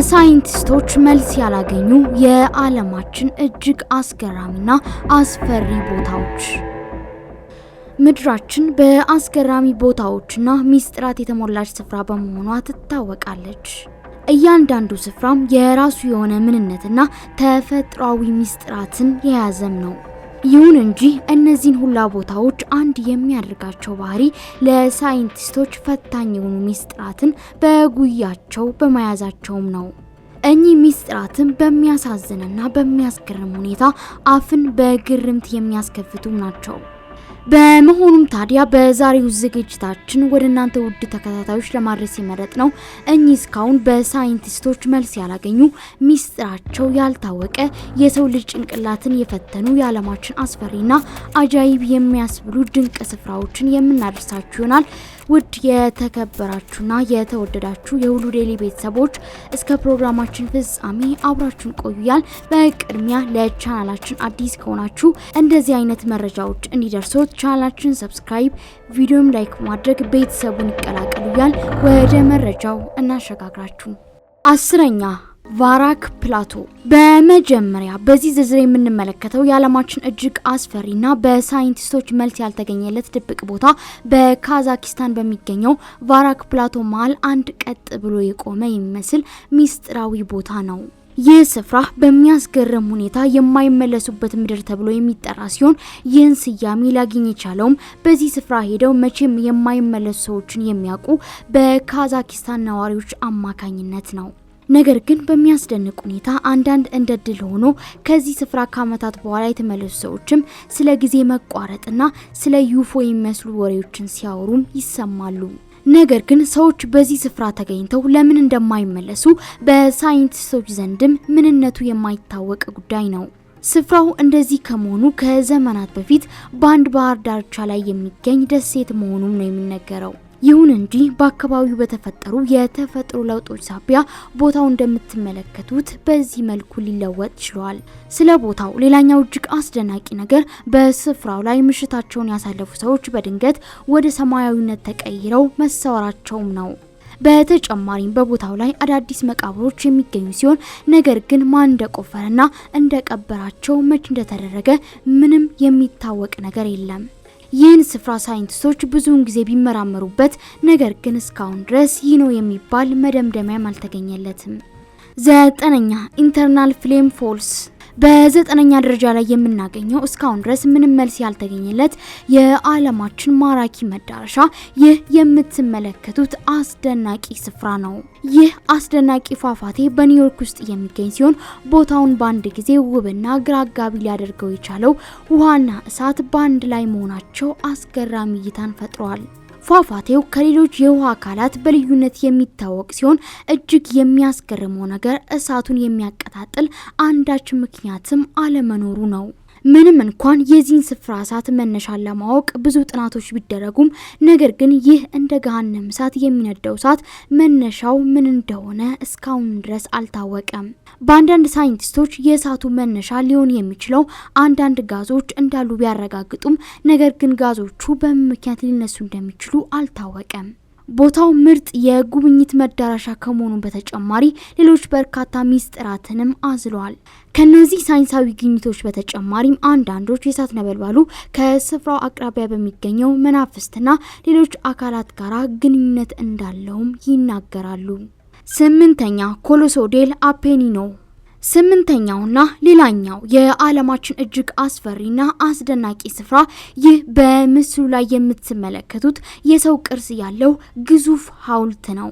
የሳይንቲስቶች መልስ ያላገኙ የዓለማችን እጅግ አስገራሚና አስፈሪ ቦታዎች። ምድራችን በአስገራሚ ቦታዎችና ሚስጥራት የተሞላች ስፍራ በመሆኗ ትታወቃለች። እያንዳንዱ ስፍራም የራሱ የሆነ ምንነትና ተፈጥሯዊ ሚስጥራትን የያዘም ነው። ይሁን እንጂ እነዚህን ሁላ ቦታዎች አንድ የሚያደርጋቸው ባህሪ ለሳይንቲስቶች ፈታኝ የሆኑ ሚስጥራትን በጉያቸው በመያዛቸውም ነው። እኚህ ሚስጥራትን በሚያሳዝንና በሚያስገርም ሁኔታ አፍን በግርምት የሚያስከፍቱም ናቸው። በመሆኑም ታዲያ በዛሬው ዝግጅታችን ወደ እናንተ ውድ ተከታታዮች ለማድረስ የመረጥ ነው እኚህ እስካሁን በሳይንቲስቶች መልስ ያላገኙ ሚስጥራቸው ያልታወቀ የሰው ልጅ ጭንቅላትን የፈተኑ የዓለማችን አስፈሪና አጃይብ የሚያስብሉ ድንቅ ስፍራዎችን የምናደርሳችሁ ይሆናል። ውድ የተከበራችሁና የተወደዳችሁ የሁሉ ዴይሊ ቤተሰቦች እስከ ፕሮግራማችን ፍጻሜ አብራችሁን ቆዩያል። በቅድሚያ ለቻናላችን አዲስ ከሆናችሁ እንደዚህ አይነት መረጃዎች እንዲደርሶት ቻናላችን ሰብስክራይብ፣ ቪዲዮም ላይክ ማድረግ ቤተሰቡን ይቀላቀሉያል። ወደ መረጃው እናሸጋግራችሁ። አስረኛ ቫራክ ፕላቶ በመጀመሪያ በዚህ ዝርዝር የምንመለከተው የዓለማችን እጅግ አስፈሪና በሳይንቲስቶች መልስ ያልተገኘለት ድብቅ ቦታ በካዛኪስታን በሚገኘው ቫራክ ፕላቶ መሀል አንድ ቀጥ ብሎ የቆመ የሚመስል ሚስጥራዊ ቦታ ነው። ይህ ስፍራ በሚያስገርም ሁኔታ የማይመለሱበት ምድር ተብሎ የሚጠራ ሲሆን ይህን ስያሜ ሊያገኝ የቻለውም በዚህ ስፍራ ሄደው መቼም የማይመለሱ ሰዎችን የሚያውቁ በካዛኪስታን ነዋሪዎች አማካኝነት ነው። ነገር ግን በሚያስደንቅ ሁኔታ አንዳንድ እንደ ድል ሆኖ ከዚህ ስፍራ ከዓመታት በኋላ የተመለሱ ሰዎችም ስለ ጊዜ መቋረጥና ስለ ዩፎ የሚመስሉ ወሬዎችን ሲያወሩም ይሰማሉ። ነገር ግን ሰዎች በዚህ ስፍራ ተገኝተው ለምን እንደማይመለሱ በሳይንቲስቶች ዘንድም ምንነቱ የማይታወቅ ጉዳይ ነው። ስፍራው እንደዚህ ከመሆኑ ከዘመናት በፊት በአንድ ባህር ዳርቻ ላይ የሚገኝ ደሴት መሆኑም ነው የሚነገረው። ይሁን እንጂ በአካባቢው በተፈጠሩ የተፈጥሮ ለውጦች ሳቢያ ቦታው እንደምትመለከቱት በዚህ መልኩ ሊለወጥ ችሏል። ስለ ቦታው ሌላኛው እጅግ አስደናቂ ነገር በስፍራው ላይ ምሽታቸውን ያሳለፉ ሰዎች በድንገት ወደ ሰማያዊነት ተቀይረው መሰወራቸውም ነው። በተጨማሪም በቦታው ላይ አዳዲስ መቃብሮች የሚገኙ ሲሆን ነገር ግን ማን እንደቆፈረና እንደቀበራቸው መች እንደተደረገ ምንም የሚታወቅ ነገር የለም። ይህን ስፍራ ሳይንቲስቶች ብዙውን ጊዜ ቢመራመሩበት፣ ነገር ግን እስካሁን ድረስ ይህ ነው የሚባል መደምደሚያም አልተገኘለትም። ዘጠነኛ ኢንተርናል ፍሌም ፎልስ በዘጠነኛ ደረጃ ላይ የምናገኘው እስካሁን ድረስ ምንም መልስ ያልተገኘለት የዓለማችን ማራኪ መዳረሻ ይህ የምትመለከቱት አስደናቂ ስፍራ ነው። ይህ አስደናቂ ፏፏቴ በኒውዮርክ ውስጥ የሚገኝ ሲሆን ቦታውን በአንድ ጊዜ ውብና ግራ አጋቢ ሊያደርገው የቻለው ውሃና እሳት በአንድ ላይ መሆናቸው አስገራሚ እይታን ፈጥረዋል። ፏፏቴው ከሌሎች የውሃ አካላት በልዩነት የሚታወቅ ሲሆን እጅግ የሚያስገርመው ነገር እሳቱን የሚያቀጣጥል አንዳች ምክንያትም አለመኖሩ ነው። ምንም እንኳን የዚህን ስፍራ እሳት መነሻ ለማወቅ ብዙ ጥናቶች ቢደረጉም ነገር ግን ይህ እንደ ገሃነም እሳት የሚነደው እሳት መነሻው ምን እንደሆነ እስካሁን ድረስ አልታወቀም። በአንዳንድ ሳይንቲስቶች የእሳቱ መነሻ ሊሆን የሚችለው አንዳንድ ጋዞች እንዳሉ ቢያረጋግጡም ነገር ግን ጋዞቹ በምን ምክንያት ሊነሱ እንደሚችሉ አልታወቀም። ቦታው ምርጥ የጉብኝት መዳረሻ ከመሆኑ በተጨማሪ ሌሎች በርካታ ሚስጥራትንም አዝሏል። ከነዚህ ሳይንሳዊ ግኝቶች በተጨማሪም አንዳንዶች የእሳት ነበልባሉ ከስፍራው አቅራቢያ በሚገኘው መናፍስትና ሌሎች አካላት ጋር ግንኙነት እንዳለውም ይናገራሉ። ስምንተኛ ኮሎሶዴል አፔኒኖ ስምንተኛውና ሌላኛው የዓለማችን እጅግ አስፈሪና አስደናቂ ስፍራ ይህ በምስሉ ላይ የምትመለከቱት የሰው ቅርጽ ያለው ግዙፍ ሐውልት ነው።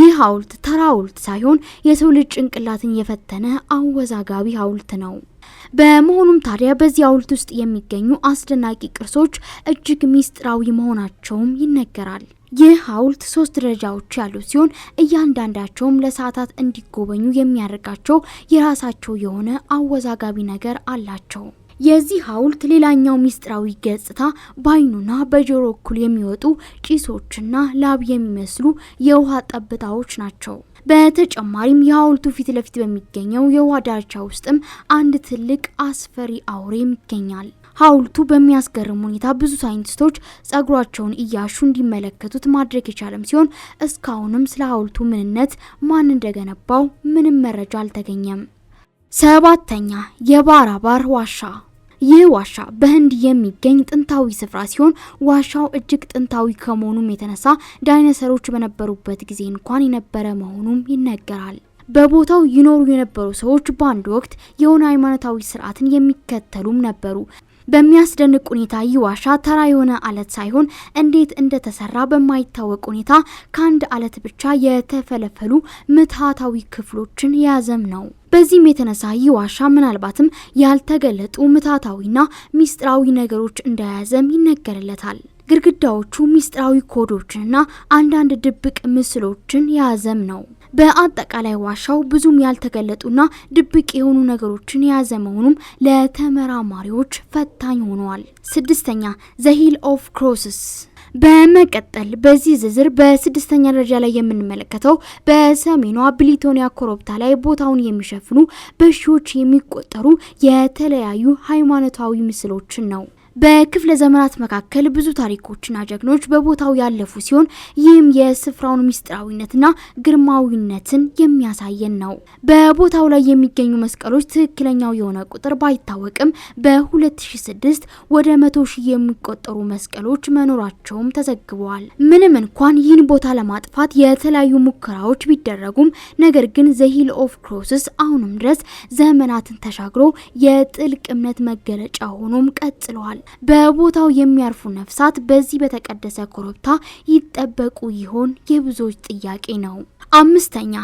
ይህ ሐውልት ተራ ሐውልት ሳይሆን የሰው ልጅ ጭንቅላትን የፈተነ አወዛጋቢ ሐውልት ነው። በመሆኑም ታዲያ በዚህ ሐውልት ውስጥ የሚገኙ አስደናቂ ቅርሶች እጅግ ሚስጥራዊ መሆናቸውም ይነገራል። ይህ ሐውልት ሶስት ደረጃዎች ያሉት ሲሆን እያንዳንዳቸውም ለሰዓታት እንዲጎበኙ የሚያደርጋቸው የራሳቸው የሆነ አወዛጋቢ ነገር አላቸው። የዚህ ሐውልት ሌላኛው ሚስጥራዊ ገጽታ በአይኑና በጆሮ እኩል የሚወጡ ጭሶችና ላብ የሚመስሉ የውሃ ጠብታዎች ናቸው። በተጨማሪም የሀውልቱ ፊት ለፊት በሚገኘው የውሃ ዳርቻ ውስጥም አንድ ትልቅ አስፈሪ አውሬም ይገኛል። ሀውልቱ በሚያስገርም ሁኔታ ብዙ ሳይንቲስቶች ጸጉራቸውን እያሹ እንዲመለከቱት ማድረግ የቻለም ሲሆን እስካሁንም ስለ ሀውልቱ ምንነት፣ ማን እንደገነባው ምንም መረጃ አልተገኘም። ሰባተኛ የባራባር ዋሻ ይህ ዋሻ በህንድ የሚገኝ ጥንታዊ ስፍራ ሲሆን ዋሻው እጅግ ጥንታዊ ከመሆኑም የተነሳ ዳይኖሰሮች በነበሩበት ጊዜ እንኳን የነበረ መሆኑም ይነገራል። በቦታው ይኖሩ የነበሩ ሰዎች በአንድ ወቅት የሆነ ሃይማኖታዊ ስርዓትን የሚከተሉም ነበሩ። በሚያስደንቅ ሁኔታ ይህ ዋሻ ተራ የሆነ አለት ሳይሆን እንዴት እንደተሰራ በማይታወቅ ሁኔታ ከአንድ አለት ብቻ የተፈለፈሉ ምትሃታዊ ክፍሎችን የያዘም ነው። በዚህም የተነሳ ይህ ዋሻ ምናልባትም ያልተገለጡ ምታታዊና ሚስጥራዊ ነገሮች እንደያዘም ይነገርለታል። ግድግዳዎቹ ሚስጥራዊ ኮዶችንና አንዳንድ ድብቅ ምስሎችን የያዘም ነው። በአጠቃላይ ዋሻው ብዙም ያልተገለጡና ድብቅ የሆኑ ነገሮችን የያዘ መሆኑም ለተመራማሪዎች ፈታኝ ሆነዋል። ስድስተኛ ዘሂል ኦፍ ክሮስስ በመቀጠል በዚህ ዝርዝር በስድስተኛ ደረጃ ላይ የምንመለከተው በሰሜኗ ብሊቶኒያ ኮረብታ ላይ ቦታውን የሚሸፍኑ በሺዎች የሚቆጠሩ የተለያዩ ሃይማኖታዊ ምስሎችን ነው። በክፍለ ዘመናት መካከል ብዙ ታሪኮችና ጀግኖች በቦታው ያለፉ ሲሆን ይህም የስፍራውን ምስጢራዊነትና ግርማዊነትን የሚያሳየን ነው። በቦታው ላይ የሚገኙ መስቀሎች ትክክለኛው የሆነ ቁጥር ባይታወቅም በ2006 ወደ 100 ሺህ የሚቆጠሩ መስቀሎች መኖራቸውም ተዘግበዋል። ምንም እንኳን ይህን ቦታ ለማጥፋት የተለያዩ ሙከራዎች ቢደረጉም ነገር ግን ዘሂል ኦፍ ክሮስስ አሁንም ድረስ ዘመናትን ተሻግሮ የጥልቅ እምነት መገለጫ ሆኖም ቀጥለዋል። በቦታው የሚያርፉ ነፍሳት በዚህ በተቀደሰ ኮረብታ ይጠበቁ ይሆን የብዙዎች ጥያቄ ነው። አምስተኛ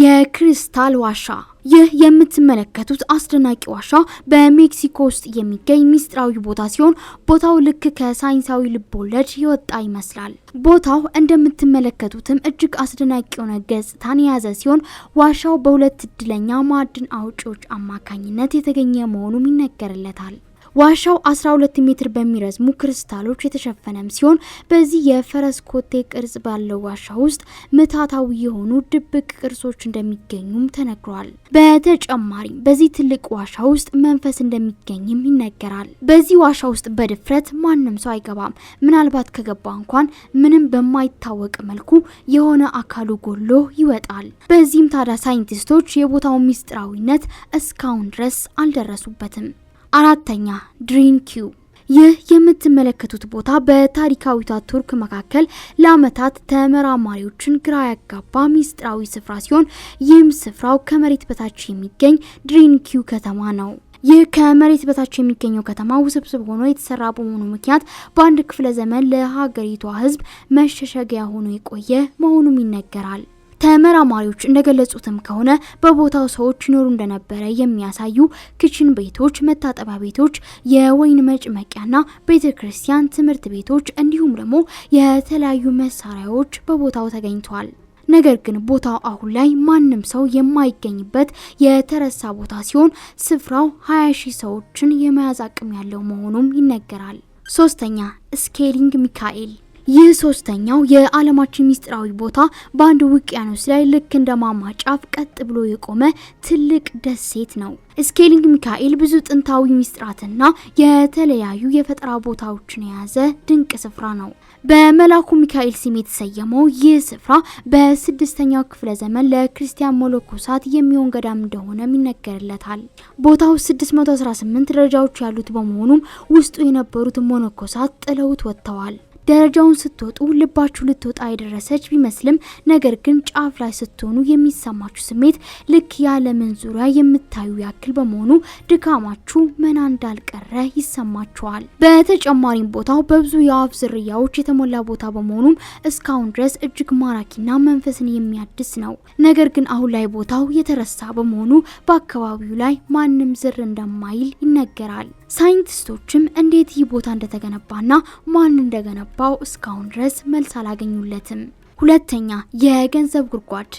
የክሪስታል ዋሻ ይህ የምትመለከቱት አስደናቂ ዋሻ በሜክሲኮ ውስጥ የሚገኝ ሚስጥራዊ ቦታ ሲሆን ቦታው ልክ ከሳይንሳዊ ልቦለድ የወጣ ይመስላል። ቦታው እንደምትመለከቱትም እጅግ አስደናቂ የሆነ ገጽታን የያዘ ሲሆን ዋሻው በሁለት እድለኛ ማዕድን አውጪዎች አማካኝነት የተገኘ መሆኑም ይነገርለታል። ዋሻው 12 ሜትር በሚረዝሙ ክርስታሎች የተሸፈነም ሲሆን በዚህ የፈረስ ኮቴ ቅርጽ ባለው ዋሻ ውስጥ ምታታዊ የሆኑ ድብቅ ቅርሶች እንደሚገኙም ተነግሯል። በተጨማሪም በዚህ ትልቅ ዋሻ ውስጥ መንፈስ እንደሚገኝም ይነገራል። በዚህ ዋሻ ውስጥ በድፍረት ማንም ሰው አይገባም። ምናልባት ከገባ እንኳን ምንም በማይታወቅ መልኩ የሆነ አካሉ ጎሎ ይወጣል። በዚህም ታዲያ ሳይንቲስቶች የቦታው ሚስጥራዊነት እስካሁን ድረስ አልደረሱበትም። አራተኛ ድሪን ኪዩብ ይህ የምትመለከቱት ቦታ በታሪካዊቷ ቱርክ መካከል ለዓመታት ተመራማሪዎችን ግራ ያጋባ ሚስጥራዊ ስፍራ ሲሆን ይህም ስፍራው ከመሬት በታች የሚገኝ ድሪንኪው ከተማ ነው። ይህ ከመሬት በታች የሚገኘው ከተማ ውስብስብ ሆኖ የተሰራ በመሆኑ ምክንያት በአንድ ክፍለ ዘመን ለሀገሪቷ ሕዝብ መሸሸጊያ ሆኖ የቆየ መሆኑም ይነገራል። ተመራማሪዎች እንደገለጹትም ከሆነ በቦታው ሰዎች ይኖሩ እንደነበረ የሚያሳዩ ክችን ቤቶች፣ መታጠቢያ ቤቶች፣ የወይን መጭመቂያና ቤተ ክርስቲያን፣ ትምህርት ቤቶች እንዲሁም ደግሞ የተለያዩ መሳሪያዎች በቦታው ተገኝተዋል። ነገር ግን ቦታው አሁን ላይ ማንም ሰው የማይገኝበት የተረሳ ቦታ ሲሆን ስፍራው 20 ሺህ ሰዎችን የመያዝ አቅም ያለው መሆኑም ይነገራል። ሶስተኛ ስኬሊንግ ሚካኤል ይህ ሶስተኛው የዓለማችን ሚስጥራዊ ቦታ በአንድ ውቅያኖስ ላይ ልክ እንደ ማማ ጫፍ ቀጥ ብሎ የቆመ ትልቅ ደሴት ነው። ስኬሊንግ ሚካኤል ብዙ ጥንታዊ ሚስጥራትና የተለያዩ የፈጠራ ቦታዎችን የያዘ ድንቅ ስፍራ ነው። በመላኩ ሚካኤል ስም የተሰየመው ይህ ስፍራ በስድስተኛው ክፍለ ዘመን ለክርስቲያን መለኮሳት የሚሆን ገዳም እንደሆነም ይነገርለታል። ቦታው 618 ደረጃዎች ያሉት በመሆኑም ውስጡ የነበሩት መነኮሳት ጥለውት ወጥተዋል። ደረጃውን ስትወጡ ልባችሁ ልትወጣ የደረሰች ቢመስልም ነገር ግን ጫፍ ላይ ስትሆኑ የሚሰማችሁ ስሜት ልክ የዓለምን ዙሪያ የምታዩ ያክል በመሆኑ ድካማችሁ መና እንዳልቀረ ይሰማችኋል። በተጨማሪም ቦታው በብዙ የአፍ ዝርያዎች የተሞላ ቦታ በመሆኑም እስካሁን ድረስ እጅግ ማራኪና መንፈስን የሚያድስ ነው። ነገር ግን አሁን ላይ ቦታው የተረሳ በመሆኑ በአካባቢው ላይ ማንም ዝር እንደማይል ይነገራል። ሳይንቲስቶችም እንዴት ይህ ቦታ እንደተገነባና ማን እንደገነባው እስካሁን ድረስ መልስ አላገኙለትም። ሁለተኛ የገንዘብ ጉድጓድ።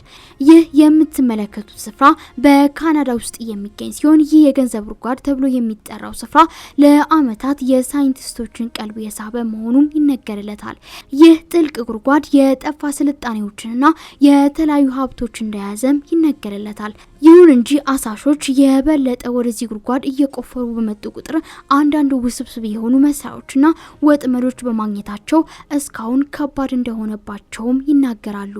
ይህ የምትመለከቱት ስፍራ በካናዳ ውስጥ የሚገኝ ሲሆን ይህ የገንዘብ ጉድጓድ ተብሎ የሚጠራው ስፍራ ለዓመታት የሳይንቲስቶችን ቀልብ የሳበ መሆኑም ይነገርለታል። ይህ ጥልቅ ጉድጓድ የጠፋ ስልጣኔዎችንና የተለያዩ ሀብቶች እንደያዘም ይነገርለታል። ይሁን እንጂ አሳሾች የበለጠ ወደዚህ ጉድጓድ እየቆፈሩ በመጡ ቁጥር አንዳንድ ውስብስብ የሆኑ መሳሪያዎችና ወጥመዶች በማግኘታቸው እስካሁን ከባድ እንደሆነባቸውም ይናገራሉ።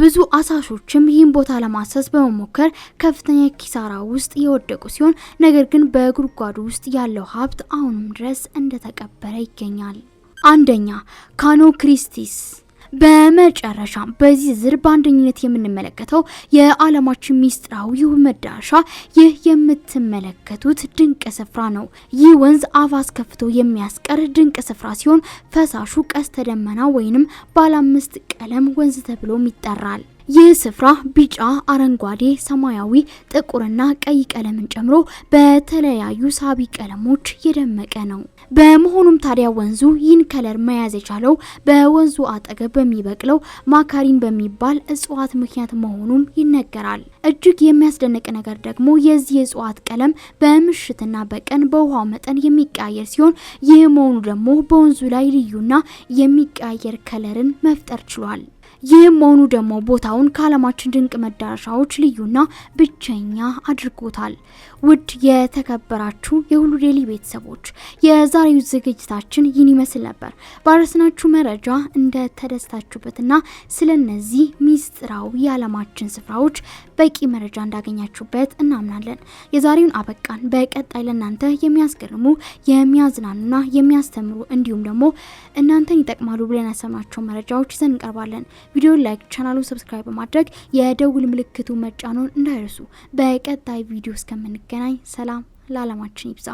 ብዙ አሳሾችም ይህን ቦታ ለማሰስ በመሞከር ከፍተኛ ኪሳራ ውስጥ የወደቁ ሲሆን፣ ነገር ግን በጉድጓዱ ውስጥ ያለው ሀብት አሁንም ድረስ እንደተቀበረ ይገኛል። አንደኛ ካኖ ክሪስቲስ በመጨረሻም በዚህ ዝር በአንደኝነት የምንመለከተው የዓለማችን ሚስጥራዊው መዳረሻ ይህ የምትመለከቱት ድንቅ ስፍራ ነው። ይህ ወንዝ አፋስ ከፍቶ የሚያስቀር ድንቅ ስፍራ ሲሆን ፈሳሹ ቀስተ ደመና ወይንም ባለ አምስት ቀለም ወንዝ ተብሎም ይጠራል። ይህ ስፍራ ቢጫ፣ አረንጓዴ፣ ሰማያዊ፣ ጥቁርና ቀይ ቀለምን ጨምሮ በተለያዩ ሳቢ ቀለሞች የደመቀ ነው። በመሆኑም ታዲያ ወንዙ ይህን ከለር መያዝ የቻለው በወንዙ አጠገብ በሚበቅለው ማካሪን በሚባል እጽዋት ምክንያት መሆኑም ይነገራል። እጅግ የሚያስደንቅ ነገር ደግሞ የዚህ የእጽዋት ቀለም በምሽትና በቀን በውሃው መጠን የሚቀያየር ሲሆን ይህ መሆኑ ደግሞ በወንዙ ላይ ልዩና የሚቀያየር ከለርን መፍጠር ችሏል። ይህም መሆኑ ደግሞ ቦታውን ከዓለማችን ድንቅ መዳረሻዎች ልዩና ብቸኛ አድርጎታል። ውድ የተከበራችሁ የሁሉ ዴይሊ ቤተሰቦች የዛሬው ዝግጅታችን ይህን ይመስል ነበር። ባረስናችሁ መረጃ እንደተደስታችሁበትና ስለነዚህ ሚስጥራዊ የዓለማችን ስፍራዎች በቂ መረጃ እንዳገኛችሁበት እናምናለን። የዛሬውን አበቃን። በቀጣይ ለእናንተ የሚያስገርሙ የሚያዝናኑና የሚያስተምሩ እንዲሁም ደግሞ እናንተን ይጠቅማሉ ብለን ያሰብናቸው መረጃዎች ይዘን እንቀርባለን። ቪዲዮ ላይክ፣ ቻናሉን ሰብስክራይብ በማድረግ የደውል ምልክቱ መጫኖን እንዳይረሱ። በቀጣይ ቪዲዮ እስከምንገናኝ ሰላም ለዓለማችን ይብዛ።